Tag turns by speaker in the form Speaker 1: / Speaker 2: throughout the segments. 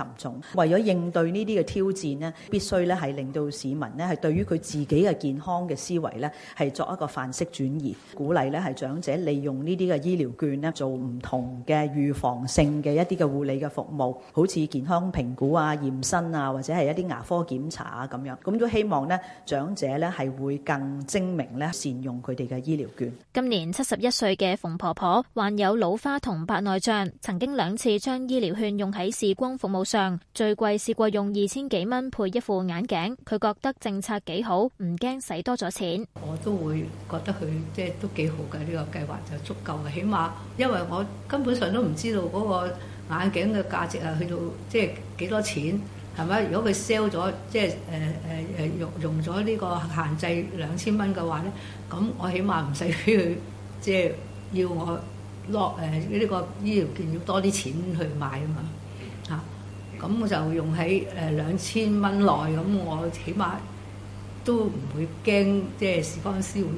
Speaker 1: 沉重，為咗應對呢啲嘅挑戰咧，必須咧係令到市民咧係對於佢自己嘅健康嘅思維，咧係作一個範式轉移，鼓勵咧係長者利用呢啲嘅醫療券咧做唔同嘅預防性嘅一啲嘅護理嘅服務，好似健康評估啊、驗身啊，或者係一啲牙科檢查啊咁樣。咁都希望咧長者咧係會更精明咧善用佢哋嘅醫療券。
Speaker 2: 今年七十一歲嘅馮婆婆患有老花同白內障，曾經兩次將醫療券用喺視光服務。上最貴試過用二千幾蚊配一副眼鏡，佢覺得政策幾好，唔驚使多咗錢。我都
Speaker 3: 會覺得佢即係都幾好㗎。呢個計劃就足夠嘅，起碼因為我根本上都唔知道嗰個眼鏡嘅價值係去到即係幾多錢係咪？如果佢 sell 咗即係誒誒誒用用咗呢個限制兩千蚊嘅話咧，咁我起碼唔使佢即係要我落誒呢個醫療券要多啲錢去買啊嘛嚇。咁我就用喺兩千蚊內，咁我起碼都唔會驚，即、就、係、是、視光師會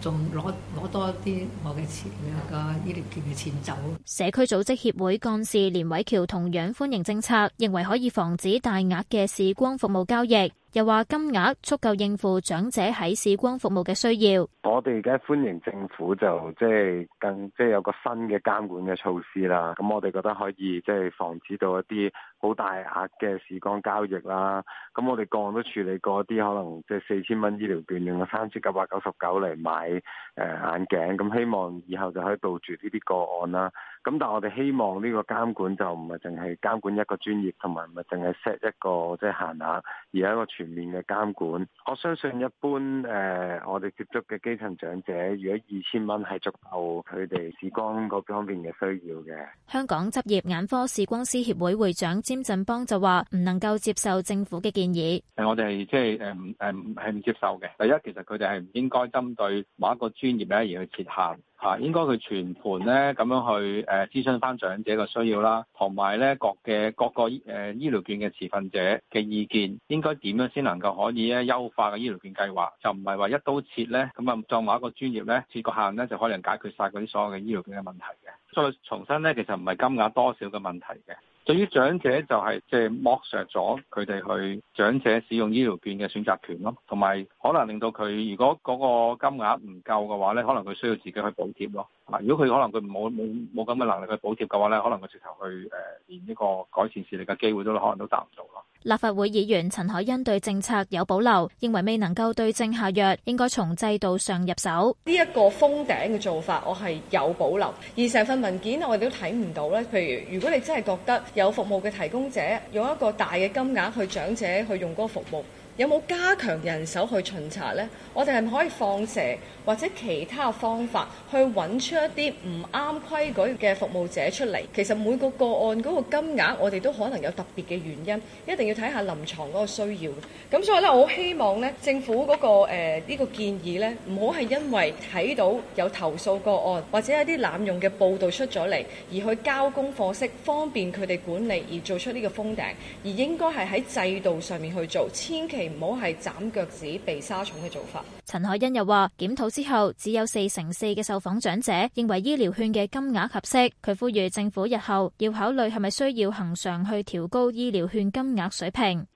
Speaker 3: 仲攞攞多啲我嘅錢嘅、這個醫療券嘅錢走。
Speaker 2: 社區組織協會幹事連偉橋同樣歡迎政策，認為可以防止大額嘅視光服務交易。又話金額足夠應付長者喺視光服務嘅需要。
Speaker 4: 我哋而家歡迎政府就即係更即係有個新嘅監管嘅措施啦。咁我哋覺得可以即係防止到一啲。好大額嘅視光交易啦，咁我哋個案都處理過啲可能即係四千蚊醫療券用咗三千九百九十九嚟買誒眼鏡，咁希望以後就可以杜絕呢啲個案啦。咁但係我哋希望呢個監管就唔係淨係監管一個專業，同埋唔係淨係 set 一個即係限額，而係一個全面嘅監管。我相信一般誒我哋接觸嘅基層長者，如果二千蚊係足夠佢哋視光嗰方面嘅需要嘅。
Speaker 2: 香港執業眼科視光師協會會長，詹振邦就話唔能夠接受政府嘅建議，
Speaker 4: 我哋係即係誒，誒，
Speaker 5: 係唔接受嘅。第一，其實佢哋係唔應該針對某一個專業咧而去設限吓，應該佢全盤咧咁樣去誒諮詢翻長者嘅需要啦，同埋咧各嘅各個誒醫療券嘅持份者嘅意見，應該點樣先能夠可以咧優化嘅醫療券計劃，就唔係話一刀切咧，咁啊再某一個專業咧設個限咧就可能解決晒嗰啲所有嘅醫療券嘅問題嘅。再重新咧，其實唔係金額多少嘅問題嘅。對於長者就係即係剝削咗佢哋去長者使用醫療券嘅選擇權咯，同埋可能令到佢如果嗰個金額唔夠嘅話咧，可能佢需要自己去補貼咯。如果佢可能佢冇冇冇咁嘅能力去補貼嘅話，咧，可能佢直頭去誒連呢個改善視力嘅機會都可能都達唔到咯。
Speaker 2: 立法會議員陳凱欣對政策有保留，認為未能夠對症下藥，應該從制度上入手，呢一個封頂嘅做法，我係
Speaker 6: 有保留。而成份文件我哋都睇唔到咧。譬如如果你真係覺得有服務嘅提供者用一個大嘅金額去長者去用嗰個服務。有冇加強人手去巡查呢？我哋係咪可以放蛇或者其他方法去揾出一啲唔啱規矩嘅服務者出嚟？其實每個個案嗰個金額，我哋都可能有特別嘅原因，一定要睇下臨床嗰個需要。咁所以咧，我希望呢政府嗰、嗰個呢、呃呢個建議呢，唔好係因為睇到有投訴個案或者一啲濫用嘅報道出咗嚟，而去交功課式方便佢哋管理而做出呢個封頂，而應該係喺制度上面去做，千祈，唔好係斬腳趾
Speaker 2: 避沙蟲嘅做法。陳海欣又話：檢討之後，只有四成四嘅受訪長者認為醫療券嘅金額合適。佢呼籲政府日後要考慮係咪需要恒常去調高醫療券金額水平。